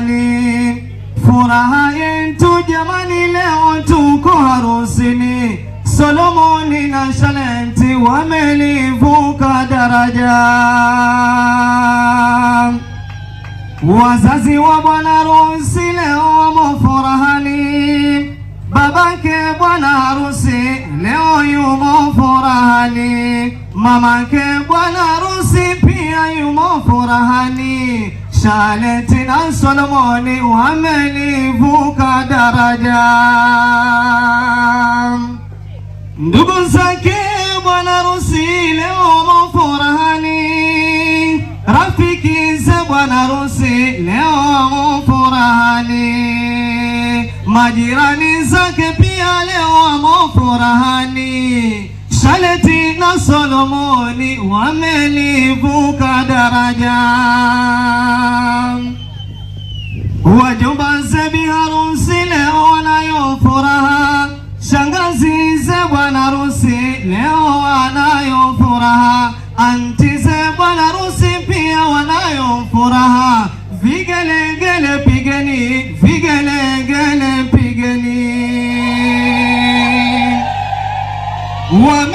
amani. Furaha yetu jamani, leo tuko harusini. Solomoni na Shalenti wamelivuka daraja. Wazazi wa bwana harusi leo wamo furahani. Babake bwana harusi leo yumo furahani. Mamake bwana harusi pia yumo furahani. Shareti na Solomoni wamelivuka daraja, ndugu zake bwana rusi leo mfurahani, rafiki za bwana rusi leo mfurahani, majirani zake pia leo mfurahani Saleti na Solomoni wamelivuka daraja, wajomba Zebi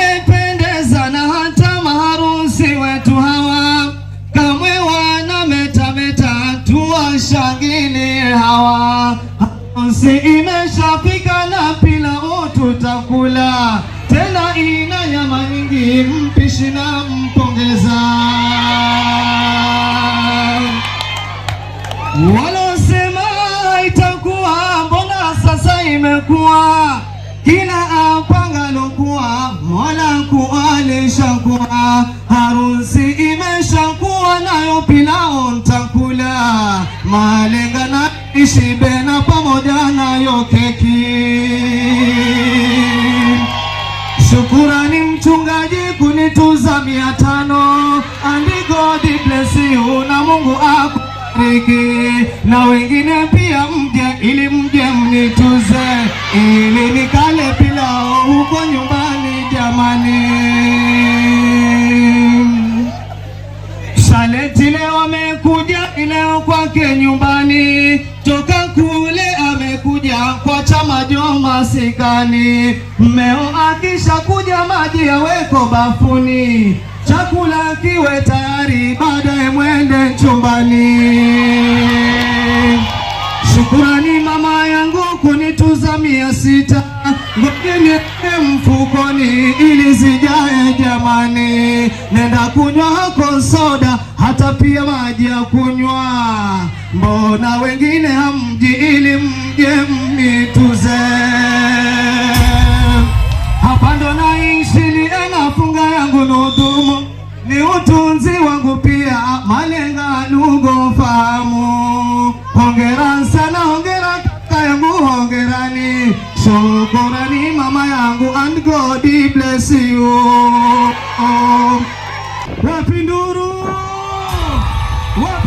ameipendeza hata maharusi wetu hawa kamwe wanametameta, tuwashangilie hawa. Harusi imeshafika na pilau tutakula tena, ina nyama nyingi, mpishi na mpongeza walosema itakuwa, mbona sasa imekuwa kila harusi imeshakuwa nayo, pilao ntakula, malenga na ishibe na pamoja nayo keki. Shukurani mchungaji kunituza mia tano andiko diplesiu na Mungu akubariki, na wengine pia mje, ili mje mnituze, ili nikale pilao huko nyumbani jamani. leo kwake nyumbani, toka kule amekuja kwa chama jo masikani. Mmeo akishakuja maji yaweko bafuni, chakula kiwe tayari, baadaye mwende chumbani. Shukurani mama yangu kunituzamia sita niweke mfukoni ili zijae jamani, nenda kunywa hako soda, hata pia maji ya kunywa. Mbona wengine hamji ili mje mnituze? Hapa ndo naishi ni nafunga yangu nudumu, ni utunzi wangu pia malenga lugo fahamu. Hongera. Oh, Borani mama yangu and God bless you. Oh, Rapinduru. Wap